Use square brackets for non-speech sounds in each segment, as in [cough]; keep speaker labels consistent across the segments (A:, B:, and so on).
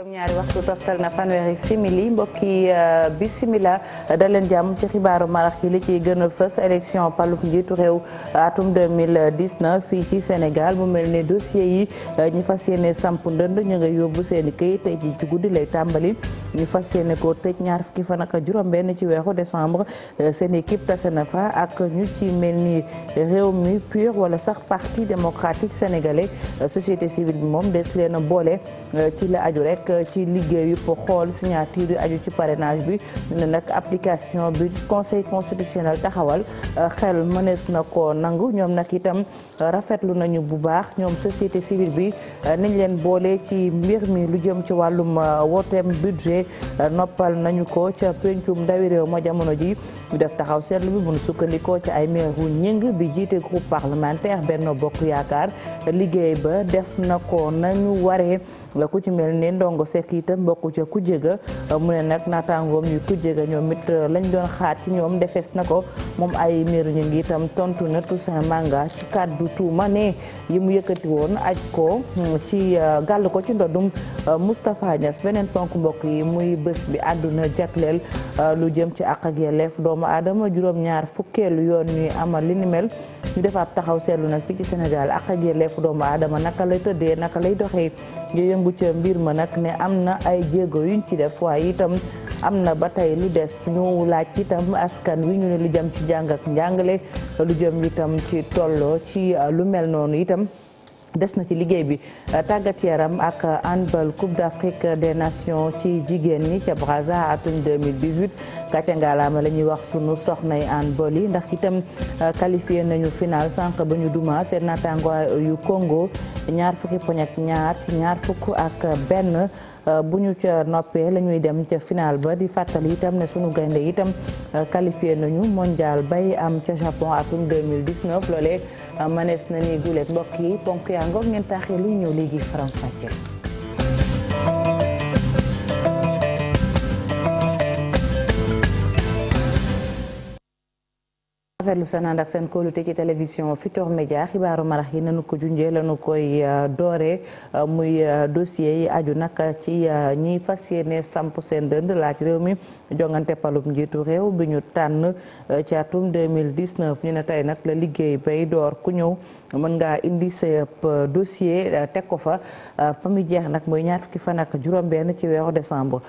A: juróom-ñaari waxtu toftal na fanweeri simili mbokki euh, bisimila daleen jàmm ci xibaaru marax ki li ci gën a fës élection palub njiitu réew euh, atum 2019 fii ci Sénégal mu mel ni dossier yi euh, ñu fas yéene samp ndënd ñu nga yóbbu seen i këyit tey ci guddi lay tàmbali ñu fas yéene ko tëj ñaar fukki fan ak juróom-benn ci weexu décembre seen équipe tase na fa ak ñu ci mel ni réew mi pur wala sax parti démocratique sénégalais société civile bi moom des leen boole ci la aju rek ci liggéey pour xool signature yu aju ci parrainage bi ñu ne nag application bi conseil constitutionnel taxawal euh, xel mënees na ko nangu ñoom nag itam euh, rafetlu nañu bu baax ñoom société civile bi euh, niñ leen boole ci mbir mi lu jëm ci wàllum wooteem budget noppal nañu ko ca pencum ndawi réew ma jamono ji ñu def taxaw seetlu bi mun sukkandikoo ci ay meeru ñëng bi jiite groupe parlementaire benn Bokk Yaakaar liggéey ba def na ko nañu waree ku ci mel ne ndongo sekk itam bokku ca kujje ga mu ne nag naataangoom yu kujje ga ñoom it uh, lañ doon xaar ci ñoom defes na ko moom ay miir ñu ngi itam tontu na Toussaint Manga ci kàddu tuuma ne yi mu yëkkati woon aj ko mm, ci euh, gàll ko ci ndodum euh, Moustapha Niass beneen tonk mbokk yi muy bés bi àdduna jagleel euh, lu jëm ci àq ak yelleef doomu aadama juróom-ñaar fukkeelu yoon ñuy amal li ni mel ñu defaat taxaw seetlu nag fii ci Sénégal àq ak yelleefu doomu aadama naka lay tëddee naka lay doxee ñu yëngu ca mbir ma nag ne am na ay jéego yuñ ci def waaye itam am na ba tey lu des ñu laaj itam askan wi ñu ne lu jëm ci jàng ak njàngale lu jëm itam ci tolloo ci euh, lu mel noonu itam des na ci liggéey bi euh, tàggat yaram ak euh, handball coupe d'Afrique des nations ci jigéen ñi ca Brazza atum 2018 gàcce ngaalaama la ñuy wax sunu yi handball yi ndax itam qualifié nañu final sànq ba ñu duma seen naataango yu Congo ñaar fukki poñ ñaar ci ñaar fukk ak benn Euh, bu ñu ca noppee la ñuy dem ca final ba di fàttali itam ne sunu gaynde itam euh, qualifié nañu mondial bay am ca Japon atum 2019 loolee euh, mënees na ni gulet mbokk yi ponk yaa ngoog ngeen taaxee luy ñëw léegi faram fàcce rafetlu seen ànd ak seen kóolute ci télévision Futur Média xibaaru marax yi nanu ko junjee lanu koy euh, doore euh, muy euh, dossier yi aju nag ci ñiy fas yéene samp seen dënd laaj réew mi jongante palub njiitu réew bi ñu tànn ci atum 2019 ñu ne tey nag la liggéey bay door ku ñëw mën ngaa indi sa dossier teg ko fa fa jeex nag mooy ñaar fukki fa ak juróom-benn ci weeru décembre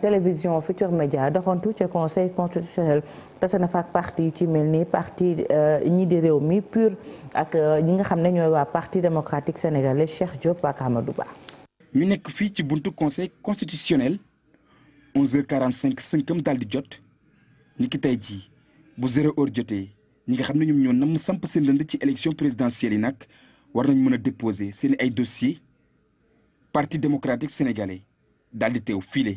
A: télévision Futur Média doxantu ca conseil constitutionnel tase na fa ak parti yu ci mel ni parti euh, ñi di réew mi pur ak euh, ñi nga xam ne ñooy waa parti démocratique sénégalais Cheikh Diop ak Amadou Ba.
B: ñu nekk fii ci buntu conseil constitutionnel 11h45 sënkam daal di jot ñi ki tey jii bu zéro heure jotee ñi nga xam ne ñoom ñoo nam samp seen lënd ci élection présidentielle yi nag war nañ mën a déposer seen ay dossiers parti démocratique sénégalais daal di teew fiile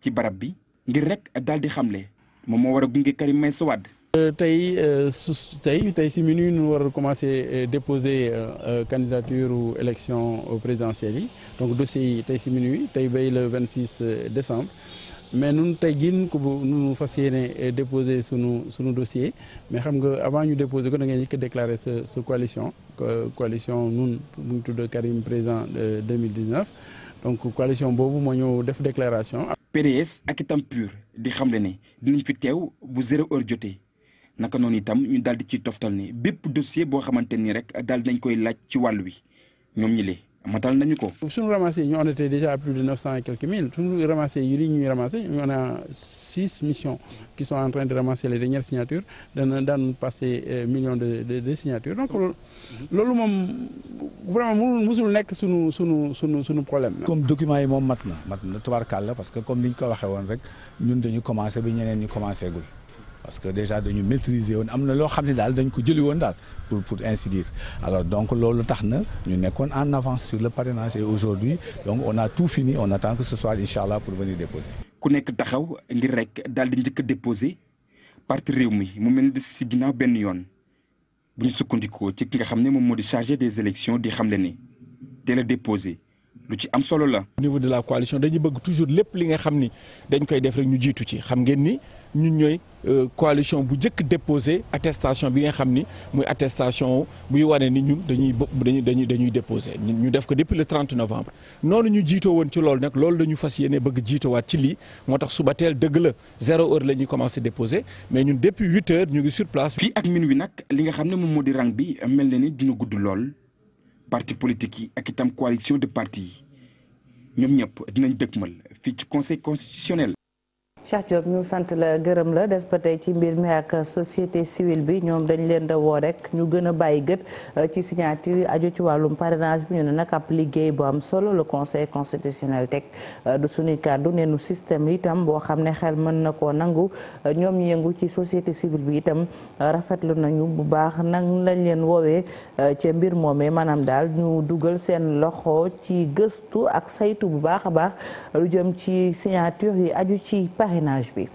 B: ci barab bi ngir rek daal di xamle. moom moo war a gunge Karim Meïssa Wade
C: euh, tey euh, su tey tey si minuit nu war a commencé euh, déposer candidature ou élection présidentielle yi donc dossier yi tey si minuit tey bay le 26 décembre mais nun tey jii ko nu fas yéene déposé sunu sunu dossier mais xam nga avant ñu déposé ko da ngeen njëkk a déclaré sa sa coalition coalition nun mu ngi tudd Karim président 2019 donc coalition boobu moo ñëw def déclaration.
B: PDS ak itam PUR. di xamle ni dinañ fi teew bu zéro heure jotee naka noonu itam ñu daal di ciy toftal ni bépp dossier boo xamante ni rek daal di nañ koy laaj ci wàll wi ñoom ñi lee matal nañu ko.
C: suñu ramassé ñu on déjà plus de neuf cent et quelques mille suñu ramassé yi ñuy ramassé on a six missions qui sont en train de ramasser les dernières signatures dana daan passé euh, million de de donc loolu moom vraiment
B: mu musul nekk suñu nu suñu suñu problème. comme document yi moom mat na mat na tubaarkàlla parce que comme ni ñu ko waxee woon rek ñun dañu commencé bi ñeneen ñu commencé gul. parce que déjà dañu maîtriser woon am na loo xam ne daal dañ ko jëli woon daal pour pour ainsi dire donc loolu tax na ñu nekkoon en avance sur le parrainage et aujourd'hui donc on a tout fini on attend que ce soit incha allah pour venir déposer. ku nekk taxaw ngir rek daal di njëkk a déposer parti réew mi mu mel ni si ginnaaw benn yoon bu ñu sukkandikoo ci ki nga xam ni moom moo di chargé des élections di xam xamle ni teel a déposer lu ci am solo la.
D: niveau de la coalition dañu bëgg toujours lépp li nga xam ni dañ koy def rek ñu jiitu ci xam ngeen ni. ñun ñooy euh, coalition bu njëkk déposé attestation bi nga xam ni muy attestation buy wane ni ñun dañuy dañuy dañuy dañuy déposé ñu def ko depuis le 30 novembre. noonu ñu jiitoo woon ci loolu nag loolu la fas yéene bëgg jiitowaat ci lii moo tax suba teel dëgg la zéro heure la ñuy commencé déposé mais ñun depuis huit heures ñu ngi sur place.
B: fii ak min wi nag li nga xam ne moom moo di rang bi mel na ni dina gudd lool parti politique yi ak itam coalition de parti ñoom ñëpp dinañ dëkkmal fii ci conseil constitutionnel.
A: Cheikh Diop ñu sant la gërëm la des ba tey ci mbir mi ak société civile bi ñoom dañ leen da woo rek ñu gën a bàyyi gët euh, ci signature yi aju ci wàllum parrainage bi ñu ne nag liggéey bu am solo le conseil constitutionnel teg euh, du suñuy kàddu neenu système itam boo xam ne xel mën na koo nangu euh, ñoom yëngu ci société civile bi itam rafetlu nañu bu baax nan lañ leen woowee ca mbir moomee maanaam daal ñu dugal seen loxo ci gëstu ak saytu bu parrainage bi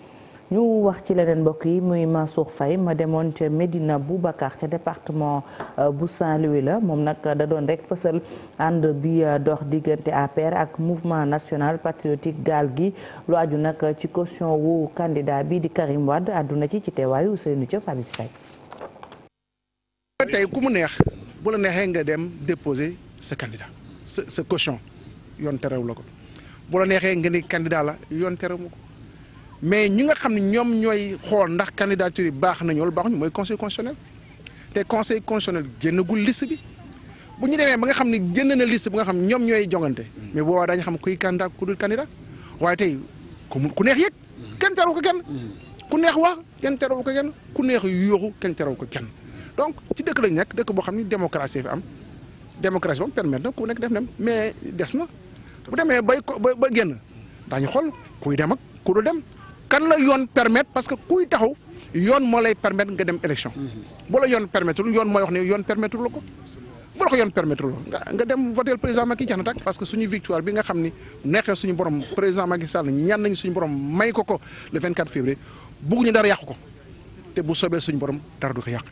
A: ñu wax ci leneen mbokk yi muy Mansour Faye ma demoon ca Médina bu Boubacar ca département euh, bu Saint-Louis la moom nag da doon rek fësal ànd bi euh, dox diggante APR ak mouvement national patriotique gaal gi lu aju nag ci caution wu candidat bi di Karim Wade àdduna ci ci teewaayu Ousseynou Diop Habib Seye
C: tey ku mu neex bu neexee nga dem déposer sa candidat sa caution yoon terew la ko bu neexee nga ni candidat la yoon terew ma ko mais ñi nga xam ne ñoom ñooy xool ndax candidature yi baax nañu wala baaxuñu mooy conseil constitutionnel te conseil constitutionnel génnagul liste bi bu ñu demee ba nga xam ne génn na liste bi nga xam ñoom ñooy jongante mais boobaa daañu xam kuy candidat ku dul waaye tey ku neex yëg kenn ko kenn ku neex wax kenn terewu ko kenn ku neex yooxu kenn terewu ko kenn donc ci dëkk lañ nekk dëkk boo xam ne démocratie fi am démocratie boobu permettre na ku nekk def dem mais des na bu demee bay ba génn daañu xool kuy dem ak ku dem kan la yoon permettre parce que kuy taxaw yoon moo lay permettre nga dem élection. Mhm. bu la yoon permettre yoon mooy wax ne yoon permettre la ko. bu la ko yoon permettre la nga nga dem voter président Macky jax na tak parce que ñu victoire bi nga xam ni neexee suñu borom président Macky Sall ñaan nañu suñu borom may ko ko le 24 février bugg ñu dara yàqu ko te bu soobee suñu borom dara du ko yàq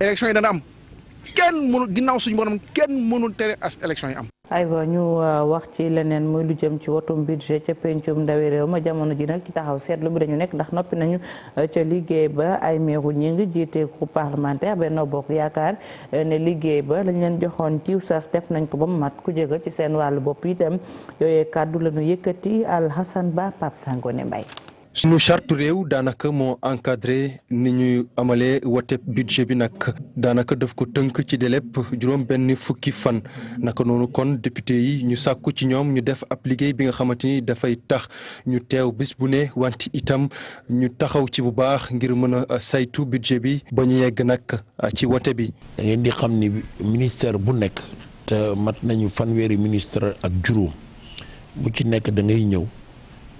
C: élection yi dana am kenn mënul ginnaaw suñu borom kenn mënul tere as élection
E: yi
A: am. ay aywa ñu euh, wax ci leneen muy lu jëm ci watum budget ca pencum ndawi réew ma jamono ji nag ci taxaw seetlu bi dañu nekk ndax noppi nañu euh, ca liggéey ba ay meeru ñi ngi jiite groupe parlementaire Benno Bokk Yaakaar euh, ne liggéey ba lañ leen joxoon ci sas def nañ ko ba mu mat ku jega ci seen wàllu bopp itam yooyee kàddu la yëkkati Al Hassan Ba Pape Sangone Mbaye
E: suñu charte réew daanaka moo encadré ni ñuy amalee wote budget bi nag daanaka daf ko tënk ci délép juróom benn fukki fan naka noonu kon député yi ñu sàkku ci ñoom ñu def ab liggéey bi nga xamante ni dafay tax ñu teew bis bu ne wante itam ñu taxaw ci bu baax ngir mën a saytu budget bi ba ñu yegg
F: nag ci wote bi. da ngeen di xam ni ministère bu nekk te mat nañu fan weeri ministre ak juróom bu ci nekk da ñëw.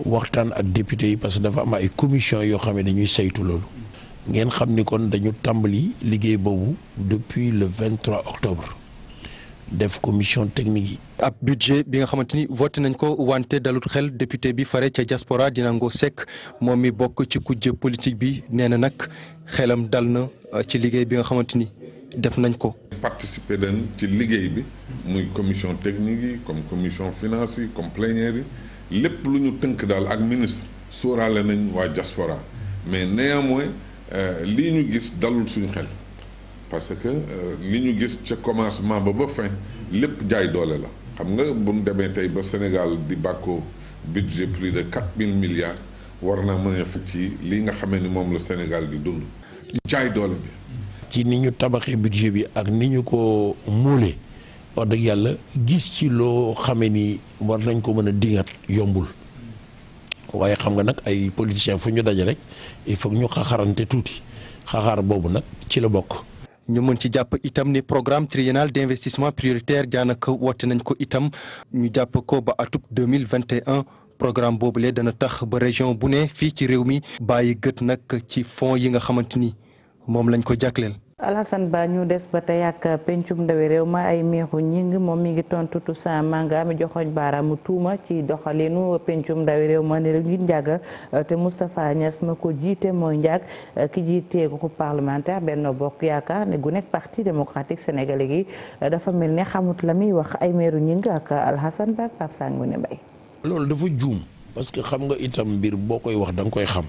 F: waxtaan ak député yi parce que dafa am ay commission yoo xam ne dañuy saytu loolu ngeen xam ni kon dañu tàmbali liggéey boobu depuis le 23 octobre def commission technique yi. ab
E: budget bi nga xamante ni voté nañ ko wante dalut xel député bi fare ca jaspora dina ngoo sekk moom mi bokk ci kujje politique bi nee na nag xelam dal na euh, ci liggéey bi nga xamante ni def nañ ko.
D: participer nañ ci liggéey bi muy commission technique yi comme commission finance comme plénière lépp lu ñu tënk daal ak ministre sóoraale nañ waa diaspora mais néanmoins euh, lii ñu gis dalul suñu xel parce que euh, li ñu gis ca commencement ba ba fin lépp jaay doole la xam nga bu ñu demee tey ba Sénégal di bàkkoo budget plus de quatre mille milliards
F: war naa mën a fekk ci lii nga xamee ni moom la Sénégal di dund jaay doole bi ci ni ñu tabaxee budget bi ak ni ñu ko muulee wax dëgg yàlla gis ci loo xame ni war nañ ko mën a dingat yombul waaye xam nga nag ay politiciens foo ñu daje rek il faut ñu xaxarante tuuti xaxaar boobu nag
E: ci la bokk. ñu mën ci jàpp itam ni programme triennal d' investissement prioritaire jaanaka woote nañ ko itam ñu jàpp ko ba atub 2021 programme boobu lee dana tax ba région bu ne fii ci réew mi bàyyi gët nag ci fonds yi nga xamante ni moom lañ ko jagleel.
A: Alassane Ba ñu des ba te ak pencum ndawi réew ma ay meexu ñing moom mi ngi tontu Toussaint Manga mi joxoñ mu tuuma ci doxalinu pencum ndawi réew ma ne ngi njàgg te Moustapha Niass ma ko jiite mooy njàgg ki jiitee groupe parlementaire benn Bokk Yaakaar ne gu nekk parti démocratique sénégalais gi dafa mel ni xamut la muy wax ay meeru ñing ak Alassane Ba ak Pape Sangoune Mbaye
F: loolu dafa juum parce que xam nga itam mbir boo koy wax da koy xam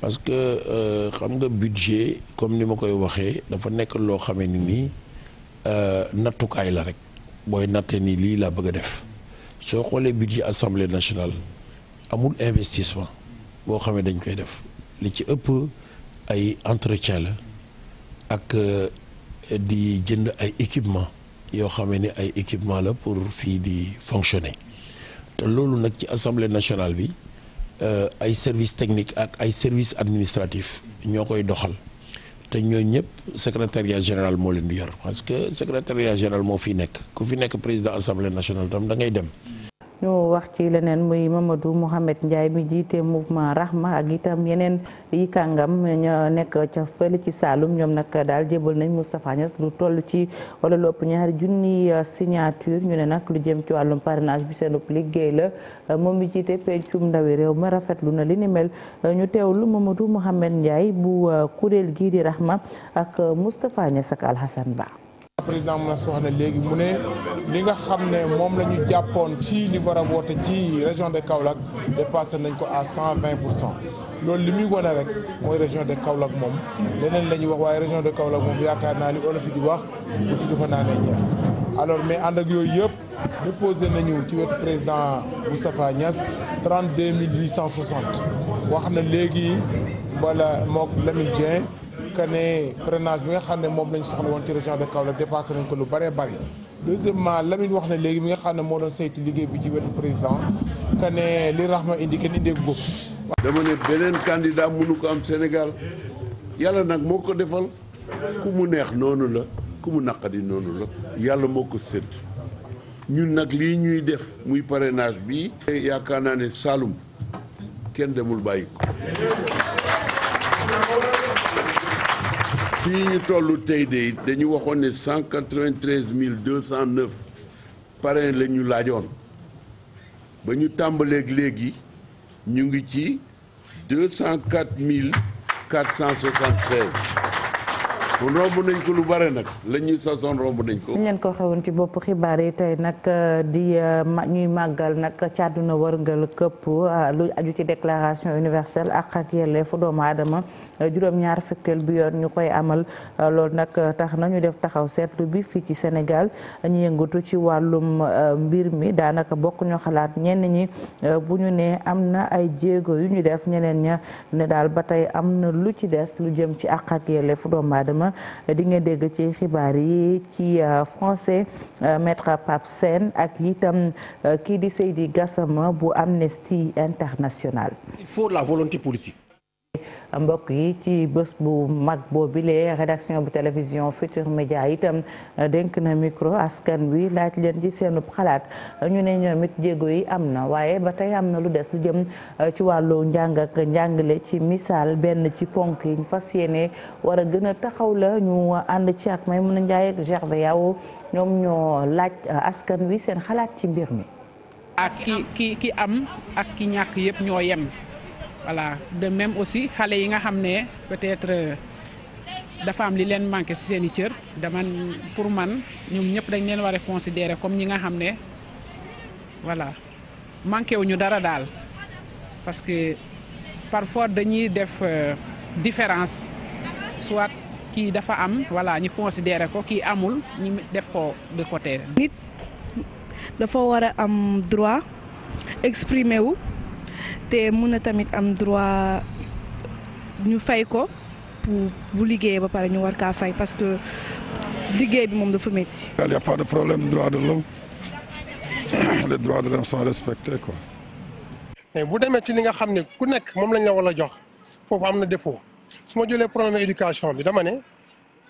F: parce que euh, xam nga budget comme ni ma koy waxee dafa nekk loo xamee ni nii euh, nattukaay la rek booy natte ni lii laa bëgg a def soo xoolee budget assemblée nationale amul investissement boo xamee dañ koy def li ci ëpp ay entretien la ak euh, di jënd ay équipement yoo xamee ni ay équipement la pour fii di fonctionner te loolu nag ci assemblée nationale bi Euh, ay service technique ak ay service administratif ñoo koy doxal te ñoo ñëpp secrétariat général moo leen di yor parce que secrétariat général moo fi nekk ku fi nekk président assemblée nationale tam dangay dem
A: ñu wax ci leneen muy Mamadou Mouhamed Ndiaye mi jiite mouvement Rahma ak itam yeneen yi kàngam ñoo nekk ca fële ci Saalum ñoom nag daal jébal nañ Moustapha Niass lu toll ci wala lopp ñaari junni signature ñu ne nag lu jëm ci wàllum parrainage bi seen liggéey la moom mi jiite pencum ndawi réew ma rafetlu na li ni mel ñu teewlu Mamadou Mouhamed Ndiaye bu euh, kuréel gii di Rahma ak Moustapha Niass ak Alhassane Ba
C: président Manas wax na léegi mu ne li nga xam ne moom la jàppoon ci li war a ci région de Kaolack dépassé nañ ko à cent vingt pour cent loolu li muy wane rek mooy région de Kaolack moom leneen la ñuy wax waaye région de Kaolack moom yaakaar naa li olof di wax bu tudd fa naa ne ñeex alors mais ànd ak yooyu yëpp déposé nañu ci wetu président Moustapha ñas trente deux mille huit cent soixante boo xam ne léegi wala mook Lamine Dieng que ne parrainage bi nga xam ne moom lañ soxla woon ci région de Kaolack dépassé nañ ko lu bëree bëri deuxièmement Lamine wax na léegi mi nga xam ne moo doon saytu liggéey bi ci wetu président que ne li Rahma indi kenn indee bopp.
F: dama ne beneen candidat mënu ko am Sénégal yàlla nag moo ko defal ku mu neex noonu la ku mu naqadi noonu la yàlla moo ko sédd ñun nag lii ñuy def muy parrainage bi yaakaar naa ne Saloum kenn demul bàyyi ko. fii ñu toll tey de dañu waxoon ne cent quatre mille deux cent neuf parrain la ñu laajoon ba ñu tàmbaleeg léegi ñu ngi ci deux cent quatre mille cent soixante-seize kon romb nañ ko lu bare nag la ñuy sosoon romb nañ ko.
A: ko xewoon ci boppu xibaar yi tey nag euh, di euh, ñuy màggal nag ci àdduna wërngal këpp euh, lu aju ci déclaration universelle ak ak yelleefu doomu aadama juróom-ñaar fukkeel bi yoon ñu koy amal loolu nag tax na ñu def taxaw seetlu bi fii ci Sénégal ñu yëngatu ci wàllum mbir mi daanaka bokkuñu xalaat ñenn ñi bu ñu ne am na ay jéego yu ñu def ñeneen ña ne daal ba tey am na lu ci des lu jëm ci ak ak yelleefu juin euh, di nga dégg ci xibaar yi ci euh, français euh, maître Pape Sène ak itam kii di Seydi Gassama bu Amnesty International.
B: il faut la volonté politique.
A: mbokk yi ci bés bu mag boobile rédaction bu télévision Futur Média itam dénk na micro askan wi laaj leen ci seenu xalaat ñu ne ñoom it jéego yi am na waaye ba tey am na lu des lu jëm eh, ci wàllu njàng ak njàngale ci misaal benn ci ponk yi ñu fas yéene war a gën a taxaw la ñu ànd ci ak Maimouna Ndiaye ak Gervais Yao ñoom ñoo laaj eh, askan wi seen xalaat ci mbir mi.
C: ak ki ki am ak ki ñàkk yëpp ñoo yem. voilà de même aussi xale yi nga xam ne peut-être euh, dafa am li leen manqué si seen i cër dama pour man ñoom ñëpp dañ leen ware a comme ñi nga xam ne voilà manqué wuñu dara daal parce que parfois dañuy def euh, différence soit kii dafa am voilà ñu considérer ko kii amul ñu def ko de côté. nit
A: dafa war am droit exprimer wu. te mun na tamit am droit ñu fay ko pour bu liggéeyee ba pare ñu war kaa fay parce que liggéey bi moom dafa métti.
D: de problème de droit de l'homme [coughs] les droits de
C: mais bu demee ci li nga xam ne ku nekk moom lañu la war a jox foofu am na défaut su ma jëlee problème éducation bi dama ne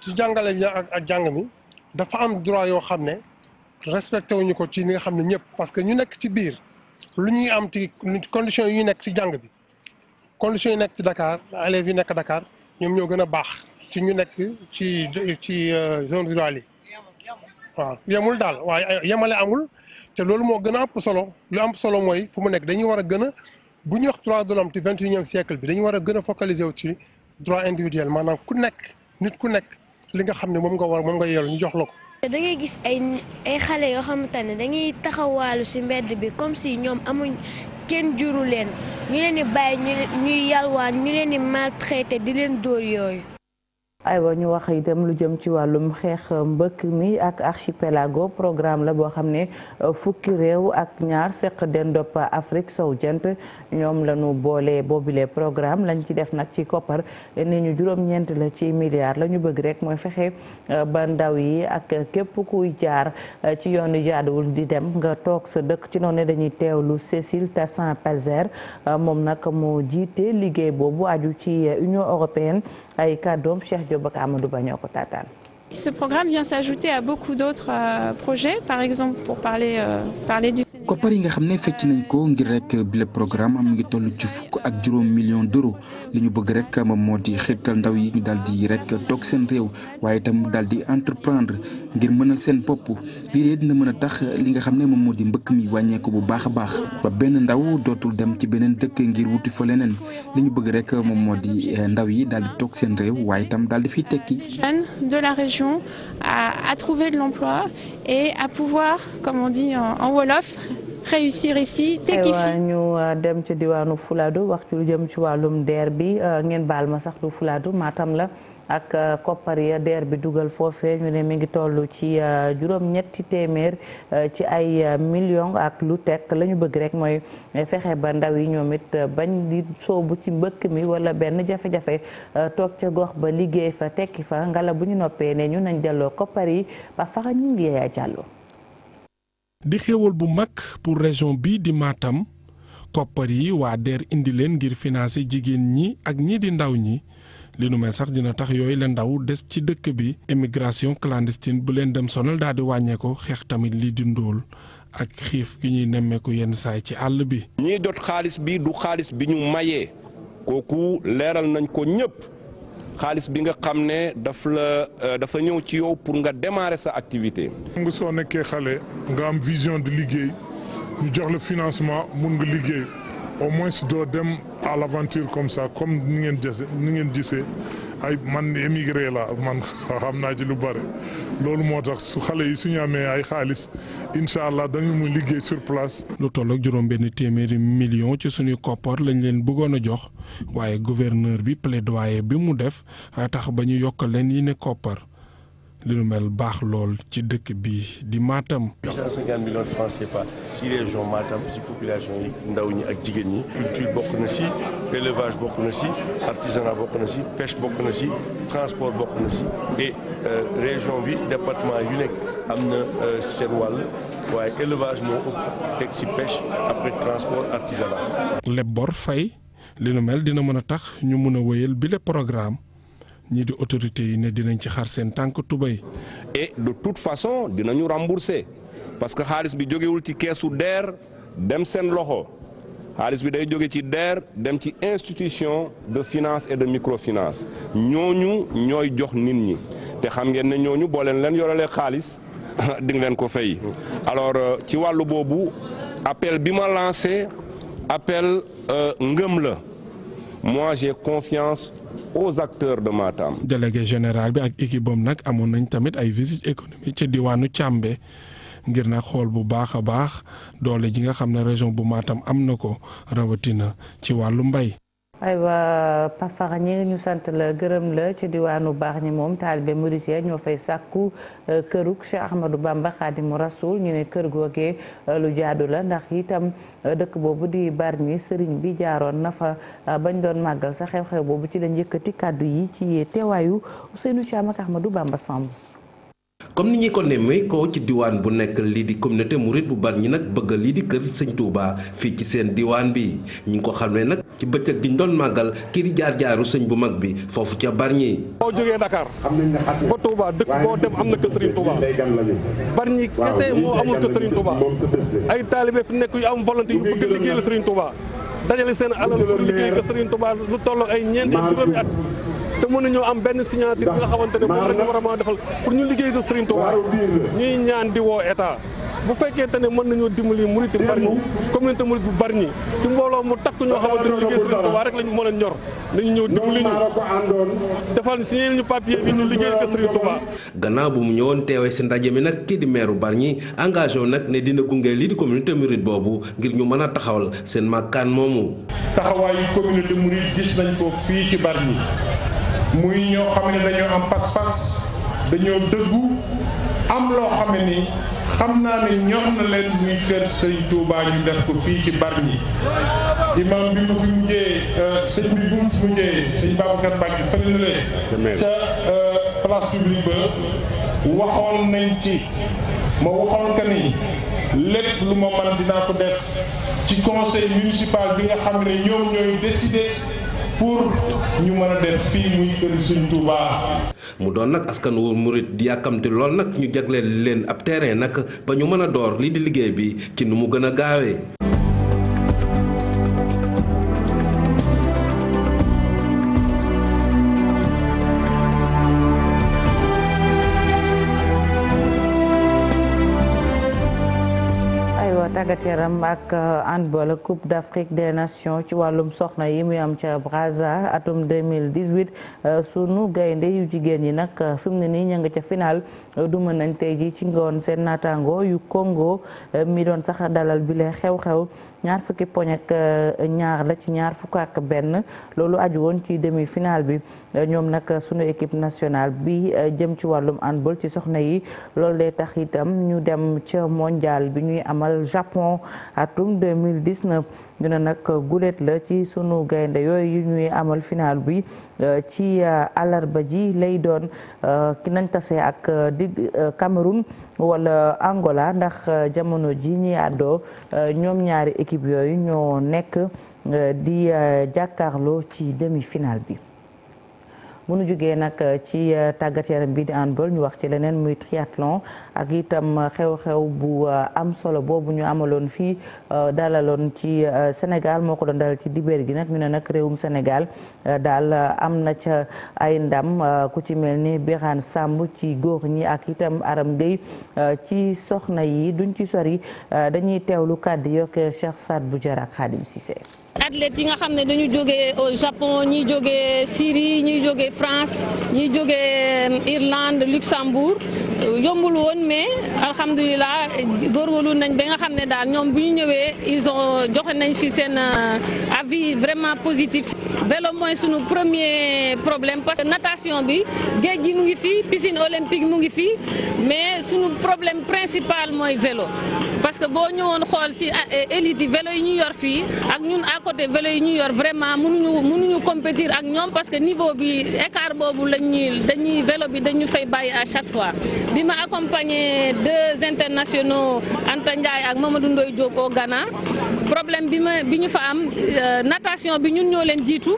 C: ci jàngale bi ak ak jàng mi dafa am droit yoo xam ne respecté wuñu ko ci li nga xam ne ñëpp parce que ñu nekk ci biir. lu ñuy am ci condition yi nekk ci jàng bi condition yi nekk ci dakaar élèves yi nekk dakaar ñoom ñoo gën a baax ci ñu nekk ci ci euh, zone rurale yi waaw yemul daal waaye yemale amul te loolu moo gën a am solo lu am solo mooy fu mu nekk dañuy war a gën a bu ñuy wax droit de l'homme ci vingt et unième bi dañuy war a gën a focaliser wu ci droit individuel maanaam ku nekk nit ku nekk li nga xam ne moom nga war moom nga yellu ñu jox la ko
G: da ngay gis ay ay xale yoo xamante ne dañuy taxawaalu ci mbedd bi comme si ñoom amuñ kenn juru leen ñu leen di bàyyi ñuy yalwaan ñu leen di maltraité di leen dóor yooyu.
A: ay aywa ñu wax dem lu jëm ci wàllum xeex mbëkk mi ak archipelago programme la boo xam ne euh, fukki réew ak ñaar seq dendop Afrique sow jant ñoom la ñu boole boobile programme lañ ci def nag ci koppar ne ñu juróom-ñeent la ci milliards la ñu bëgg rek mooy fexe euh, ba ndaw yi ak képp kuy jaar euh, ci yoon yu jaaduwul di dem nga toog sa dëkk ci noonu dañuy teew teewlu Cécile Tassin Pelzer moom nag mu jiite liggéey boobu aju ci Union européenne ay kàddoom Cheikh yóbbu ak Amadou Ba ñoo ko taataan.
G: Ce programme vient s'ajouter à beaucoup d'autres euh, projets, par exemple pour parler, euh, parler du
B: koppar yi nga xam ne fecc nañ ko ngir rek bile programme mu ngi tollu ci fukk ak juróom million d'euros li ñu bëgg rek moom moo di xirtal ndaw yi ñu daal di rek toog seen réew waaye itam daal di entreprendre ngir mënal seen bopp lii dina mën a tax li nga xam ne moom moo di mbëkk mi wàññeeku bu baax a baax ba benn dootul dem ci beneen dëkk ngir wuti fa leneen li ñu bëgg rek moom moo di eh, ndaw yi daal di toog seen réew itam daal di fiy tekki.
G: de la région à trouver de l'emploi et à pouvoir, comme on dit en, en Wolof, réussir ici tekki fi
A: ñu euh, dem ci diwaanu Fuladu wax lu jëm ci wàllum deer bi euh, ngeen baal ma sax du Fuladu maatam la ak euh, koppar ya deer bi dugal foofee ñu ne mi ngi tollu ci juróom ñetti téeméer ci ay millions ak lu tekk la ñu bëgg rek mooy fexe ba ndaw yi ñoom it bañ di soobu ci mbëkk mi wala benn jafe-jafe toog ca gox ba liggéey fa tekki fa ngala bu ñu noppee ne ñu nañ delloo koppar yi ba faxa ñu ngi yaay jàlloo
D: di xewal bu mag pour région bi di Matam koppar yi waa DER indi leen ngir financer jigéen ñi ak ñi di ndaw ñi li nu mel sax dina tax yooyu la ndaw des ci dëkk bi émigration clandestine bu leen dem sonal daal di wàññeeku xeex tamit li di ndóol ak xiif gi ñuy nemmeeku yenn saay ci àll bi.
B: ñiy jot xaalis bi du xaalis bi ñu mayee kooku leeral nañ ko ñëpp. xaalis bi nga xam ne daf la euh, dafa ñëw ci yow pour nga démarrer sa activité.
F: nga soo nekkee xale nga am vision de liggéey ñu jox la financement mun nga liggéey au moins doo dem la l'aventure comme ça comme ni ngeen gisee ni ngeen gisee. ay man émigré la man xam naa ci lu bare loolu moo tax su xale yi suñu amee ay xaalis incha allah dañu mu liggéey sur place.
D: lu toll ak juróom benn téeméeri million ci suñuy koppar lañ leen bëggoon a jox waaye gouverneur bi plaidoyer bi mu def tax ba ñu yokkal leen yi ne koppar. li nu mel baax lool ci dëkk bi di Matam.
F: 850 millions de francs CFA si région Matam si population yi ndaw ñi ak jigéen ñi. culture bokk na si élevage bokk na si artisanat bokk na si pêche bokk na si transport bokk na si et euh, région bi département yu nekk am na euh, seen wàll. waaye élevage moo ëpp teg ci pêche après transport artisanal.
D: leb bor fay li nu mel dina mën a tax ñu mën a wéyal bile programme. ñii autorités yi ne dinañ ci xar seen tànk tubay.
B: et de toute façon dinañu rembourser parce que xaalis bi jógewul ci keesu DER dem seen loxo xaalis bi day jóge ci DER dem ci institution de finance de microfinance ñooñu ñooy jox nit ñi te xam ngeen ne ñooñu booleen leen leen xaalis [laughs] di leen ko fay. alors euh, ci wàllu boobu appel bi ma lancé appel euh, ngëm la moi j'ai confiance. aux acteurs de Matam.
D: délégué général bi ak équipe boobu nag amoon nañ tamit ay visite économique ci diwaanu Càmbe ngir na xool bu baax a baax doole ji nga xam ne région bu maatam am na ko rawatina ci wàllu mbay.
A: aywa Pafara ñi ñu sant la gërëm la ci diwaanu baax ñi moom taalibe muritiyya ñoo fay sàkku euh, kërug Cheikh Ahmadou Bamba Xaadimu Rasuul ñu ne kër googee euh, lu jaadu la ndax itam euh, dëkk boobu di Bargny sëriñ bi jaaroon na fa bañ doon màggal sa xew-xew boobu ci lañ yëkkati kàddu yi ci teewaayu Ousseynou Thiam ak Ahmadou Bamba
F: comme ni ñuy ko nemmee ko ci diwaan bu nekk lii di communauté mouride bu Bargny nag bëgg lii di kër sëñ Touba fii ci seen diwaan bi ñu ngi ko xamee nag ci bëccëg gi ñu doon màggal kii di jaar jaaru sëñ bu mag bi foofu ca Bargny. boo jógee Dakar
D: ba Touba dëkk boo dem am na kër Serigne Touba Bargny kese moo amul kër Serigne Touba ay taalibe fi nekk yu am volonté yu bëgg liggéeyal Serigne Touba dajale seen alal pour liggéey kër Serigne Touba lu toll ay ñeenti juróomi at. te mënuñoo am benn signature bi nga xamante ne moom la ñu war a mën a defal pour ñu liggéey ko Serigne Touba ñuy ñaan di woo état bu te ne mën nañoo dimbali murit bu bari ñi communauté murit bu bari mbooloo mu takk ñoo xamante ne liggéey Serigne Touba rek lañ mën a ñor nañu ñëw dimbali ñu defal signé ñu papier bi ñu liggéey ko
F: Serigne gannaaw bu mu ñëwoon teewee si ndaje mi nag kii di maire bu Bargny engagé wu nag ne dina gunge lii di communauté murit boobu ngir ñu mën a taxawal seen màkkaan moomu taxawaayu
D: gis nañ ko fii ci Bargny muy ñoo xam ne dañoo am pas-pas dañoo dëggu am loo xam ne ni xam naa ne ñor na leen muy kër sëñ Touba ñu def ko fii ci Bargny imam bi mu fi euh, bi bu mu fi mujjee sëñ Babacar Mbacke fële na
C: leen ca
D: euh, place publique ba waxoon nañ ci ma waxoon que ni lépp lu ma mën dinaa ko def ci conseil municipal bi nga xam ne ñoom ñooy décider
F: pour ñu mën a def fii muy kër Sëñ mu doon nag askan wu murit di yàkkamti lool nag ñu jagleel leen ab terrain nag ba ñu mën a door lii di liggéey bi ci ni mu gën a gaawee
A: matière am ak euh, handball coupe d' afrique des nations ci wàllum soxna yi muy am ca Brazza atum 2018 euh, sunu gaynde yu jigéen yi nag euh, fi mu ne nii ña nga ca final du mën nañ tey ji ci ngoon seen naataango yu Congo mi doon sax dalal bile xew-xew ñaar fukki poñ ak euh, ñaar la ci ñaar fukk benn loolu aju woon ci demi-finale bi euh, ñoom nag sunu équipe nationale bi euh, jëm ci wàllum handball ci soxna yi loolu lay tax itam ñu dem ca mondial bi ñuy amal Japon atum 2019 ñu ne nag guléet la ci sunu gaynde yooyu ñuy amal final bi euh, ci euh, àllarba ji lay doon ki euh, nañ tase ak digg Cameroun wala Angola ndax jamono ji ñuy àddoo ñoom ñaari équipe yooyu ñoo nekk di jàkkaarloo ci demi-finale bi bu nu jugee nag euh, ci euh, tàggat yaram bi di handball ñu wax ci leneen muy triathlon ak itam euh, xew-xew bu am solo boobu ñu amaloon fii dalaloon ci Sénégal moo ko doon dalal ci dibéer gi nag ñu ne nag réewum Sénégal daal am na ca ay ndam ku ci mel ni Birane sàmb ci góor ñi ak itam Aram Gueye ci soxna yi duñ ci sori dañuy teewlu kàdd yokk Cheikh Saad bu Jara ak si Cissé
G: athlètes yi nga xam ne dañu joge au Japon ñuy jógee Syrie ñuy jógee France ñuy jógee euh, Irlande Luxembourg euh, yombul woon mais alhamdulilah góorgóorlu nañ bi nga xam ne daal ñoom bu ñu ñëwee ils ont joxe nañ fi seen euh, avis vraiment positif. vélo mooy suñu premier problème parce que natation bi géej gi mu ngi fi piscine olympique mu ngi fi mais sunu problème principal mooy vélo. parce que boo ñëwoon xool si ah, eh, élite yi vélo yi ñu yor fii ak ñun à côté vélo yi ñuy yor vraiment mënuñu mënuñu compétir ak ñoom parce que niveau bi écart boobu lañ ñuy dañuy vélo bi dañu fay bàyyi à chaque fois bi ma accompagné deux internationaux Anta Ndiaye ak Mamadou Ndoye Diop au Ghana problème bi ma bi ñu fa am euh, natation bi ñun ñoo leen jiitu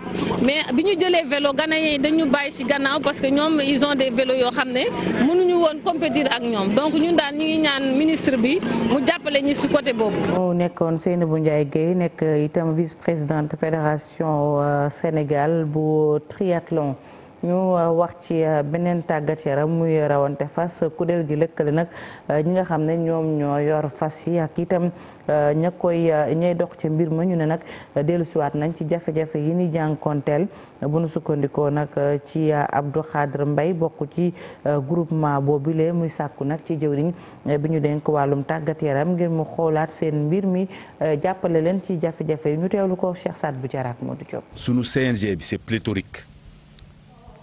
G: mais bi ñu jëlee velo ghanéens yi dañu bàyyi ci gannaaw parce que ñoom ison ont des vélos yoo xam ne mënuñu woon compétir ak ñoom donc ñun daan ñu ngi ñaan ministre bi mu jàppale ñi ci côté boobu.
A: moo nekkoon Seynabou Ndiaye Guèye nekk itam vice-présidente fédération euh, Sénégal bu triathlon. ñu euh, wax ci euh, beneen tàggat yaram muy rawante fas kuréel gi lëkkale nag euh, ñi nga xam ne ñoom ñoo yor fas yi ak itam ña koy ñay dox ca mbir ma ñu ne nag dellusiwaat nañ ci jafe-jafe yi ni jànkonteel bu nu sukkandikoo nag ci Abdou Khadre Mbaye bokk ci groupement boobule muy sàkku nag ci jëwriñ bi ñu denk wàllum tàggat yaram ngir mu xoolaat seen mbir mi jàppale leen ci jafe-jafe yi ñu teewlu ko Cheikh Saad bu Jaraak moo Diop.
B: sunu CNG bi c'est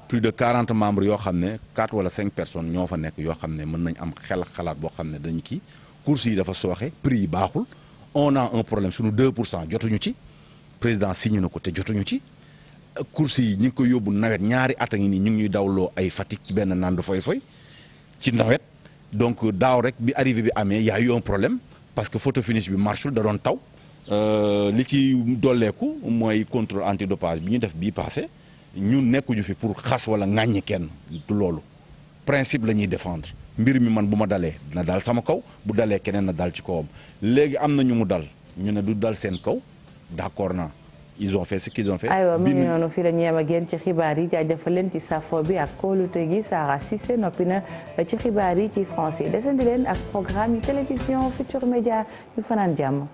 B: plus de quarante membre yoo xam ne 4 wala cinq personnes ñoo fa nekk yoo xam ne mën nañ am xel xalaat boo xam ne dañ ki course yi dafa sooxe prix yi baaxul on a un problème suñu 2 pour cent jotuñu ci président signé na ko te jotuñu ci course yi ñu ngi ko yóbbu nawet ñaari at a nii ñu ngi ñuy dawloo ay Fatick benn nandu foy foy ci nawet donc daaw rek bi arrivé bi amee y a un problème parce que photo finish bi marchul da doon taw euh, li ci dolleeku mooy contrôle page bi ñu def bii passé ñun nekkuñu fi pour xas wala ŋàññi kenn du loolu principe la ñuy défendre mbir mi man bu ma dalee na dal sama kaw bu dalee keneen na dal ci kawam léegi am na ñu mu dal ñu ne du dal seen kaw d'accord naa ils ont fait ce qu'ils ont fait. aywa mi ngi
A: noonu fii la ñu yem ak yéen ci xibaar yi jaajëfal leen ci safo bi ak kóolute gi Sara si seen na ci xibaar yi ci français desandi leen ak programme yi télévision Futur Média ñu fanaan jàmm.